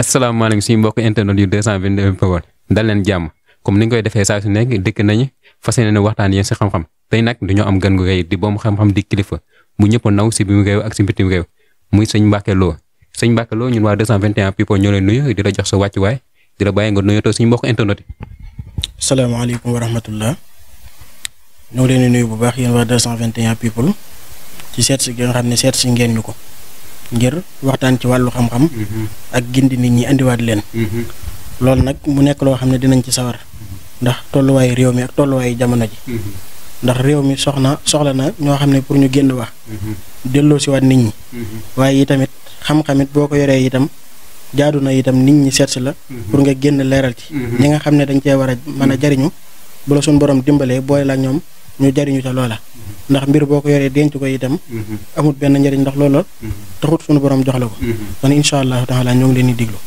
asalaamaaleykum suñu mbokk internet yu 221 People dal leen jàmm comme ni ñu koy defee saa su nekk dëkk nañu fas yéene waxtaan yéen si xam-xam tey nag dañoo am gan gu rëy di boom xam-xam di kilifa bu ñëpp naw si biir réew ak si bitim réew muy sëñ Mbacke Lo sëñ Mbacke Lo ñun waa 221 People ñoo leen nuyu di la jox sa wàccuwaay di la bàyyi nga nuyatoo suñu mbokk internet yi. salaamaaleykum wa rahmatullah ñoo leen di nuyu bu baax yéen waa 221 People ci seet si nga xam ne seet si ngeen ñu ko. ngir waxtaan ci wàllu xam-xam mhm. ak gindi nit ñi indiwaat leen mhm. loolu nag mu nekk loo xam ne dinañ ci sawar mhm. ndax tolluwaayu réew mi ak tolluwaayu jamono ji ndax réew mi soxna soxla na ñoo xam ne pour ñu génn wax delloo si nit ñi waaye tamit xam-xamit boo ko yoree itam jaadu na itam nit ñi seetsi la pour nga génn leeral ci ñi nga xam ne dañ cee war a mën a jariñu bu la suñ borom dimbalee booy la ñoom ñu jariñu ca loola ndax mbir boo ko yoree denc ko itam mhm. amul benn njëriñ ndax loolu mhm. taxut suñu borom jox la ko mhm. kon incha allahu taala ñoo ngi leen di diglu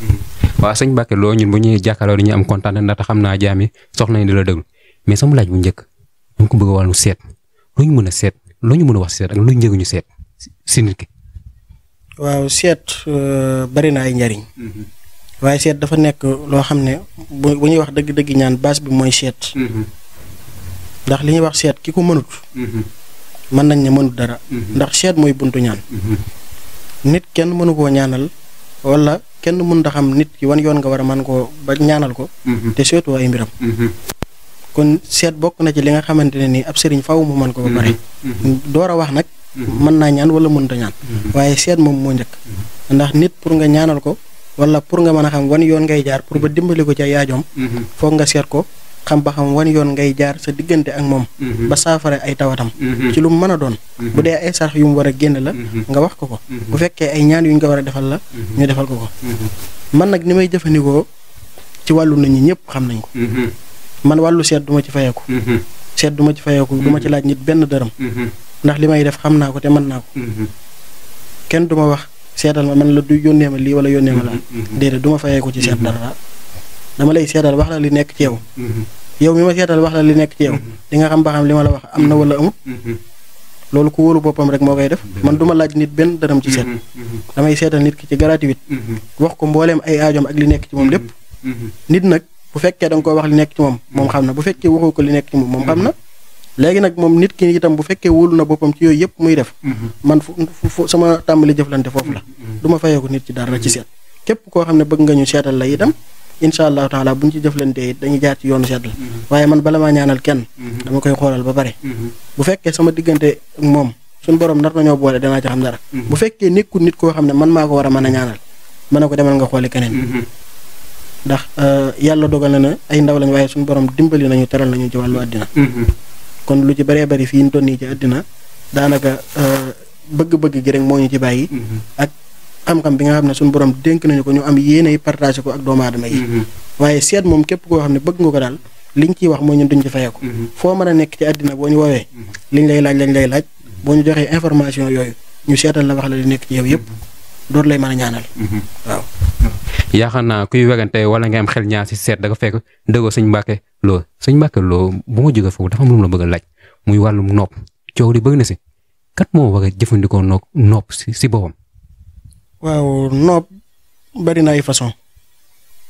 waaw sëñ Mbacke loo ñun bu ñuy jàkkaarloo dañuy am kontaan ndax xam naa jaam yi soxla nañ mais sama laaj njëkk ñu bëgg wàllu seet lu mën a seet lu ñu mën a wax seet ak lu njëgu ñu seet si nit waaw seet euh, bari na ay njariñ waaye seet dafa nekk loo xam ne bu bu ñuy wax dëgg-dëgg ñaan base bi mooy seet ndax li ñuy wax seet ki ko mënut mën nañ ne mënut dara. Mhm. ndax seet mooy buntu ñaan. Mhm. nit kenn mënu koo ñaanal wala kenn mën da xam nit ki wan yoon nga war a mën koo ba ñaanal ko. Mhm. te seetoo ay mbiram. kon seet bokk na ci li nga xamante ne nii ab sëriñ faw mu mën ko ba pare. door a wax nag. mën naa ñaan wala mënut a ñaan. waaye seet moom moo njëkk. ndax nit pour nga ñaanal ko wala pour nga mën a xam wan yoon ngay jaar pour ba dimbali ko ca yaajoom. foog nga seet ko. xam ba xam wan yoon ngay jaar sa diggante ak moom mhm. ba saafara ay tawatam mhm. ci lu mu mën a doon mhm. bu dee ay sarax yu mu war a génn la nga wax ko ko bu fekkee ay ñaan yu ñu ko war a defal la ñu defal ko ko man nag ni may jëfandikoo ci wàllu nit ñi ñëpp xam nañ ko man wàllu seet duma ci fayeeku seet duma ci fayeeku duma ci laaj nit benn dërëm ndax li may def xam naa ko te mën naa ko kenn duma wax seetal ma man la du yónnee ma lii wala yónnee ma la déedéet duma fayeeku ci seet dara dama lay seetal wax la li nekk ci yow. Mm-hmm. yow mi ma seetal wax la li nekk ci yow. Mm-hmm. di nga xam ba li ma la wax am na wala amut. Mm-hmm. loolu ku wóolu boppam rek moo koy def man duma laaj nit benn dërëm ci seet damay seetal nit ki ci wit wax ko mbooleem ay aajoom ak li nekk ci moom lépp nit nag bu fekkee da ko wax li nekk ci moom moom xam na bu fekkee waxoo ko li nekk ci moom moom xam na léegi nag moom nit ki itam bu fekkee wóolu na boppam ci yooyu yëpp muy def man fu sama tàmbali jëflante foofu la du ma fayeeku nit ci dara ci seet képp koo xam ne bëgg nga ñu seetal la incha allahu taala bu ñu ci jëflantee it dañuy jaar ci yoonu sedd mm-hmm. waaye man bala maa ñaanal kenn mm-hmm. dama koy xoolal ba pare mm-hmm. bu fekkee sama diggante moom suñu borom nar nañoo boole danaa ci xam dara bu fekkee nekkul nit koo xam ne man maa ko war a mën a ñaanal mën na ko demal nga xooli keneen ndax euh, yàlla dogal na ne ay ndaw lañ waaye suñu borom dimbali nañu teral nañu ci wàllu àddina kon lu ci bëree bëri fii ñu toll nii ci àddina daanaka euh, bëgg-bëgg gi moo ñu ci bàyyi xam-xam bi nga xam ne suñu borom dénk nañu ko ñu am yéenay partagé ko ak doomu aadama yi mm-hmm. waaye seet moom képp koo xam ne bëgg nga ko daal liñ ciy wax mooy ñu duñ ci fayeeku mm-hmm. foo mën a nekk ci àddina woowee mm-hmm. liñ lay laaj lañ lay laaj boo joxee information yooyu ñu seetal la wax la li nekk ci yow yëpp door lay mën a ñaanal waaw naa kuy werante wala nga am xel ñaar si seet da nga fekk dëggoo sëñ loo sëñ Mbàkke loo bu ma jógee foofu dafa am lu la bëgg a laaj muy wàllum nopp coow di bëgg na si kat moo war a jëfandikoo nopp si si boppam waaw noob bari na ay façon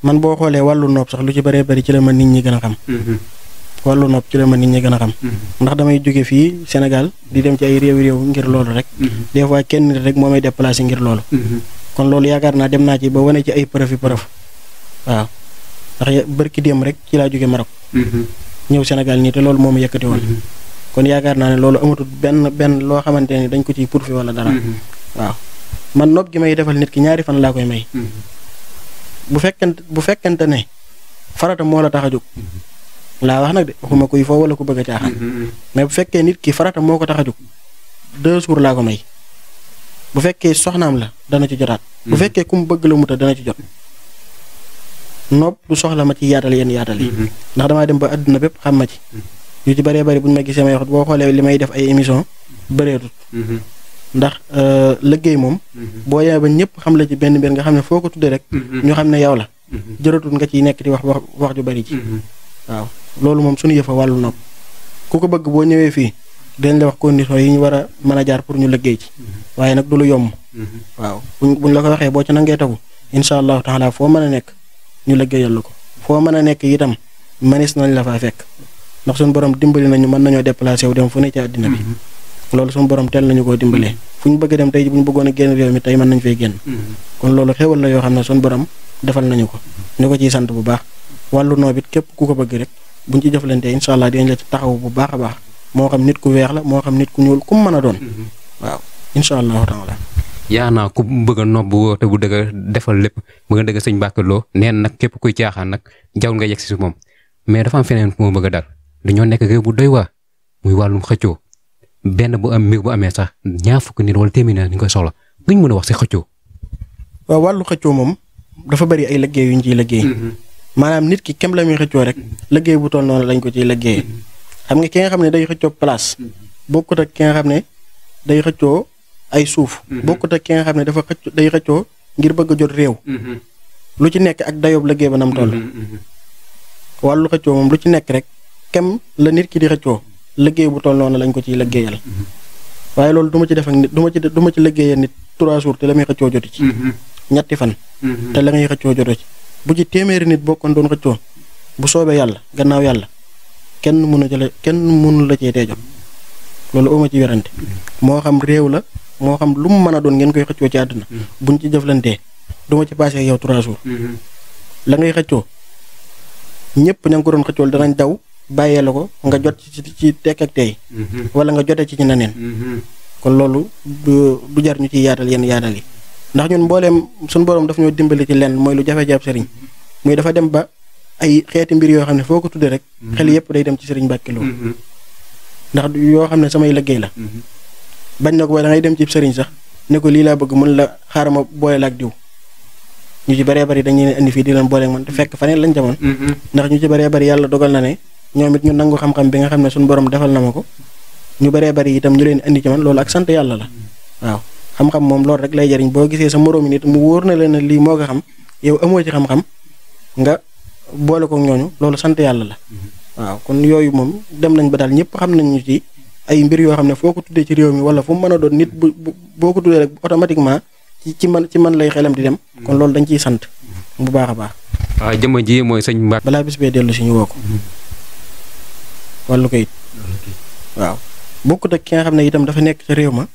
man boo xoolee wàllu noob sax lu ci baree bari ci la ma nit ñi gën a xam. Mm-hmm. wàllu nopp ci la ma nit ñi gën a xam. Mm-hmm. ndax damay jóge fii Sénégal di dem ci ay réew réew ngir loolu rek. Mm-hmm. des fois kenn nit rek moo may déplacé ngir loolu. kon loolu yaakaar naa dem naa ci ba wane ci ay preuve yu preuve waaw ndax bërki démb rek ci laa jóge Maroc. ñëw Sénégal nii te loolu moo ma yëkkati woon. kon yaakaar naa ne loolu amatul benn benn loo xamante ne dañ ko ciy pourfait wala dara. waaw man nopp gi may defal nit ki ñaari fan laa koy may. Mm-hmm. bu fekkente bu fekkente ne farata moo la tax a jóg. Mm-hmm. laa wax nag de waxuma kuy foo wala ku bëgg a caaxaan. Mm-hmm. mais bu fekkee nit ki farata moo ko tax a jóg deux laa ko may. bu fekkee soxnaam la dana ci jotaat. bu fekkee ku mu bëgg la mu ta dana ci jot. nopp du soxla ma ci yaatal yenn yaatal yi. ndax damaa dem ba àdduna bépp xam ma ci. yu ci bëree bu ñu ma gisee may wax boo xoolee li may def ay émission bëreetut. ndax euh, liggéey moom mm-hmm. boo yemee ba ñëpp xam la ci benn mbir nga xam ne foo ko tuddee rek mm-hmm. ñu xam ne yow la mm-hmm. jërëtul nga ciy nekk di wax wax wax ju bari ji waaw loolu moom suñu yëfa wàllu nag ku ko bëgg boo ñëwee fii dañ la wax conditions yi ñu war a mën a jaar pour ñu liggéey ci waaye nag du lu yomb waaw buñ la ko waxee boo ci nag nangee tagu incha allahu taala foo mën a nekk ñu liggéeyal la ko foo mën a nekk itam manis nañ la faa fekk ndax suñu borom dimbali nañu mën nañoo déplacé wu dem fu ne ci àddina bi loolu suñu borom teel nañu koo dimbalee mm-hmm. fu ñu bëgg dem tey bu ñu bëggoon a génn réew mi tey mën nañu fay génn mm-hmm. kon loolu xéwal la yoo xam ne suñu borom defal nañu ko mm-hmm. ñu ko ciy sant bu baax wàllu noob it képp ku ko bëgg rek bu buñ ci jëflantee incha allah dinañ la ci taxaw bu baax a baax moo xam nit ku weex la moo xam nit ku ñuul ku mën a doon waaw incha allahu taala yaanaa ku bëgg a nopp bu dëgg defal lépp bëgg a dëgg sëñ Mbacke loo neen nag képp kuy caaxaan nag jaw nga yegg si moom mais dafa feneen fu ma bëgg a dal dañoo nekk bu doy waa muy wàllum xëccoo benn bu am mbir bu amee sax ñaar fukki nit wala téeméer nit ñu koy soxla luñ mën a wax si xëccoo. waaw wàllu xëccoo moom dafa bari ay liggéey yu ñu ciy liggéey. Mm-hmm. maanaam nit ki kem la muy xëccoo rek mm-hmm. liggéey bu toll noonu lañ ko ciy liggéeyee. Mm-hmm. xam nga ki nga xam ne day xëccoo place. bokkut ak ki nga xam ne day xëccoo ay suuf. bokkut ak ki nga xam ne dafa xëccoo day xëccoo ngir bëgg jot réew. lu ci nekk ak dayoob liggéey ba nam toll. wàllu xëccoo moom lu ci nekk rek kem la nit ki di xëccoo. liggéey bu toll noonu lañ ko ciy liggéeyal waaye loolu duma ci def ak nit du ci du ma ci liggéeyal nit trois jours te la muy xëccoo joti ci mm-hmm. ñetti fan mm-hmm. te la ngay xëccoo joto ci bu ci téeméeri nit bokkoon doon xëccoo bu soobee yàlla gannaaw yàlla kenn mënu a jële kenn mënu la cee tee jot loolu uma ci werante moo xam réew la moo xam lu mu mën a doon ngeen koy xëccoo ci àdduna mm-hmm. buñ ci jëflantee du ma ci passé yow trois la ngay xëccoo ñëpp ña ngi ko doon xëccool danañ daw bàyyee la ko nga jot ci ci tekk ak tey mhm. wala nga jote ci ci neneen mhm. kon loolu du jar ñu ciy yaatal yenn yaatal yi ndax ñun mbooleem suñu boroom daf ñoo dimbali ci lenn mooy lu jafe jaab sëriñ muy dafa dem ba ay xeeti mbir yoo xam ne foo ko tuddee rek mhm. xel yépp day dem ci sëriñ Mbàkke Lo ndax yoo xam ne samay liggéey la bañ na ko ba da dem ci sëriñ sax ne ko lii laa bëgg mën la xaaral ma boole la ak diw ñu ci bëree bëri dañuy indi fii di leen boole man fekk faneen lañ jamoon ndax na ne ñoom it ñu nangu xam-xam bi nga xam ne suñu borom defal na ma ko ñu baree bari itam ñu leen indi ci man loolu ak sant yàlla la waaw xam-xam moom loolu rek lay jariñ boo gisee sa moroomi nit mu wóor na leen ne lii moo ko xam yow amoo ci xam-xam nga boole ko ñooñu loolu sant yàlla la kon yooyu moom dem nañ ba daal ñëpp xam nañ ñu ci ay mbir yoo xam ne foo ko tuddee ci réew mi wala fu mu mën a doon nit bu boo ko tuddee rek automatiquement ci ci man ci man lay xelam di dem kon loolu dañ ciy sant bu baax a baax. waaw jëmm ji mooy sëñ Mbacke. balaa bis bee dellu si ñu wàllu kayit waaw bokkut ak ki nga xam ne itam dafa nekk ca réew ma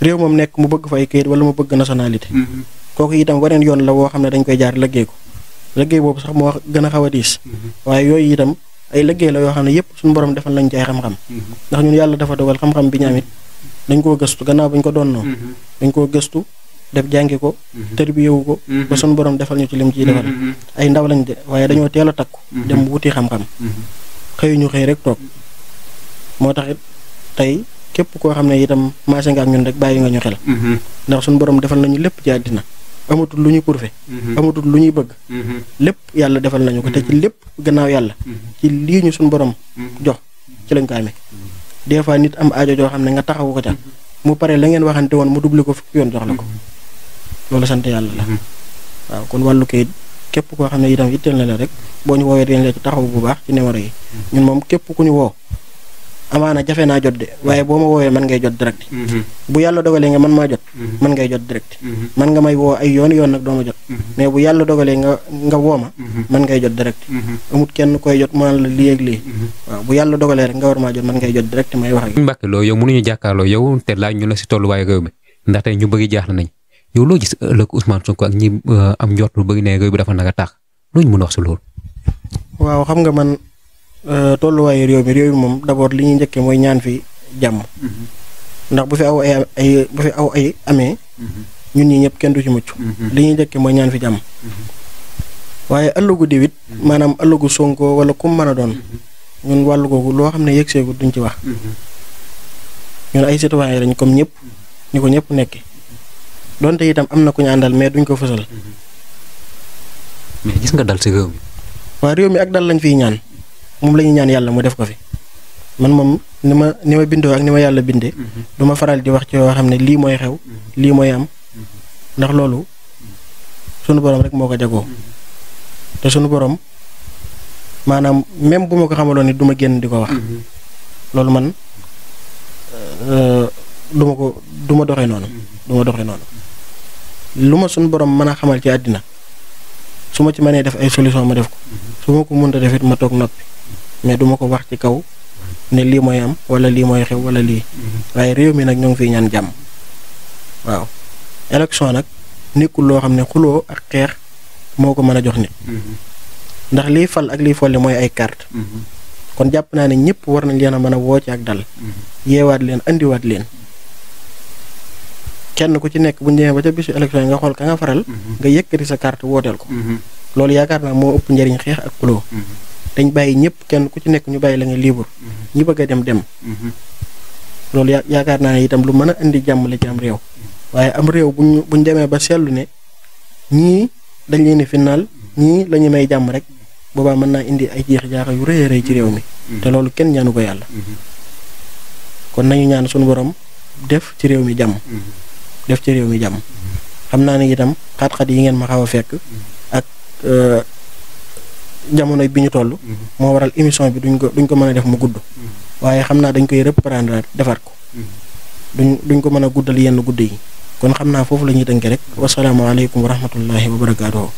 réew moom nekk mu bëgg fa ay kayit wala mu bëgg nationalité mhm. kooku itam waneen yoon la woo xam ne dañ koy jaar liggéey ko liggéey boobu sax moo gën a xaw a diis mhm. waaye yooyu itam ay liggéey la yoo xam ne yëpp suñu boroom defal lañ ci xam-xam mhm. ndax ñun yàlla dafa dogal xam-xam bi ñaamit dañ koo gëstu gannaaw bañ ko doon donnoo dañ koo gëstu def jàngi ko tërbiyewu ko ba suñu borom defal ñu ci lim ciy defal ay ndaw lañ de waaye dañoo teel a takku dem wuti xam-xam xëyuñu xëy rek toog moo tax it tey képp koo xam ne itam maase nga ak ñun rek bàyyi nga ñu xel. Mm-hmm. ndax suñu borom defal nañu lépp ci àddina amatul lu ñuy kurfe. Mm-hmm. amatul lu ñuy bëgg. Mm-hmm. lépp yàlla defal nañu ko te ci lépp gannaaw yàlla. ci lii ñu suñu borom jox ci lañ ko amee. des fois nit am ajo joo xam ne nga taxawu ko ca mu pare la ngeen waxante woon mu dubli ko fukki yoon jox la ko loolu sant yàlla la waaw kon wàllu kayit képp koo xam ne itam itteel na la rek boo ñu woowee dañ la ci taxaw bu baax ci numéro yi ñun moom képp ku ñu woo amaana jafe naa jot de waaye boo ma woowee man ngay jot direct mhm. bu yàlla dogalee nga man maa jot man mhm. ngay jot direct man mhm. nga may woo ay yoon yoon nag doo ma jot mais bu yàlla dogalee nga nga woo ma man ngay jot direct amut kenn koy jot maa la lii ak lii waaw bu yàlla dogalee war maa jot man ngay jot direct may wax ak Mbacke Lo yow mënuñu jàkkaarloo yow te laa ñu la si tolluwaayu réew mi ndax tey ñu bëri jaaxle nañ yow loo gis ëllëg Ousmane Sonko ak ñi am njort lu bëgg ne réew bi dafa naka taax loolu ñu mën a wax si loolu. waaw xam nga man tolluwaayu réew mi réew mi moom d'abord li ñuy njëkkee mooy ñaan fi jàmm. ndax bu fi aw ay ay aw ay amee. ñun ñii ñëpp kenn du ci mucc. li ñuy mooy ñaan fi jàmm. waaye ëllëgu diwit maanaam ëllëgu Sonko wala kum mën a doon. ñun wàll googu loo xam ne yegg seegu duñ ci wax. ñun ay citoyen lañ comme ñëpp. ni ko ñëpp nekkee. donte itam am na ku ñu àndal mais duñ ko fësal. mais gis nga dal si réew mi. waaw réew mi ak dal lañ fiy ñaan moom la ñuy ñaan yàlla mu def ko fi man moom ni ma ni ma bindoo ak ni ma yàlla bindee. Mhm. du ma faral di wax ci yoo xam ne lii mooy xew. Mhm. lii mooy am mhm. ndax loolu sunu borom rek moo ko jagoo te sunu borom maanaam même bu ma ko xamaloon ni du ma génn di ko wax. loolu man euh, duma ko du ma doxee noonu. du ma doxee noonu lu ma suñ borom mën a xamal ci àddina su ma ci mënee def ay solution ma def ko su ma ko mënta defit ma toog noppi mais duma ko wax ci kaw ne lii mooy am wala lii mooy xew wala lii waaye réew mi nag ñoo ngi fiy ñaan jàmm waaw élection nag nekkul loo xam ne xuloo ak xeex moo ko mën a jox nit ndax liy fal ak liy folli mooy ay carte mhm. kon jàpp naa ne ñëpp war nañ leen a mën a woo ci ak dal mhm. yeewaat leen indiwaat leen kenn ku ci nekk bu ñu demee ba ca bisu élection yi nga xool ka nga faral. Mhm. nga yëkkati sa carte wooteel ko. Mhm. loolu yaakaar naa moo ëpp njariñ xeex ak xuloo. Mhm. dañ bàyyi ñëpp kenn ku ci nekk ñu bàyyi lañu nga libre. ñu bëgg a dem dem. loolu ya yaakaar naa ne itam lu mën a indi jàmm la ci am réew. waaye am réew bu ñu bu demee ba seetlu ne ñii dañ leen di final ñii lañu ñu may jàmm rek boobaa mën naa indi ay jeex jaaxa yu rëy a ci réew mi. te loolu kenn ñaanu ko yàlla. kon nañu ñaan suñu borom def ci réew mi jàmm. def ci réew mi jàmm xam naa ne itam xat-xat yi ngeen ma xaw a fekk ak euh, jamono bi ñu toll moo waral émission bi duñ ko duñ ko mën a def mu gudd waaye xam naa dañ koy reprendre defar ko duñ duñ ko mën a guddal yenn gudd yi kon xam naa foofu la ñuy tënk rek wasalaamaaleykum wa rahmatullahi wa barakaatuhu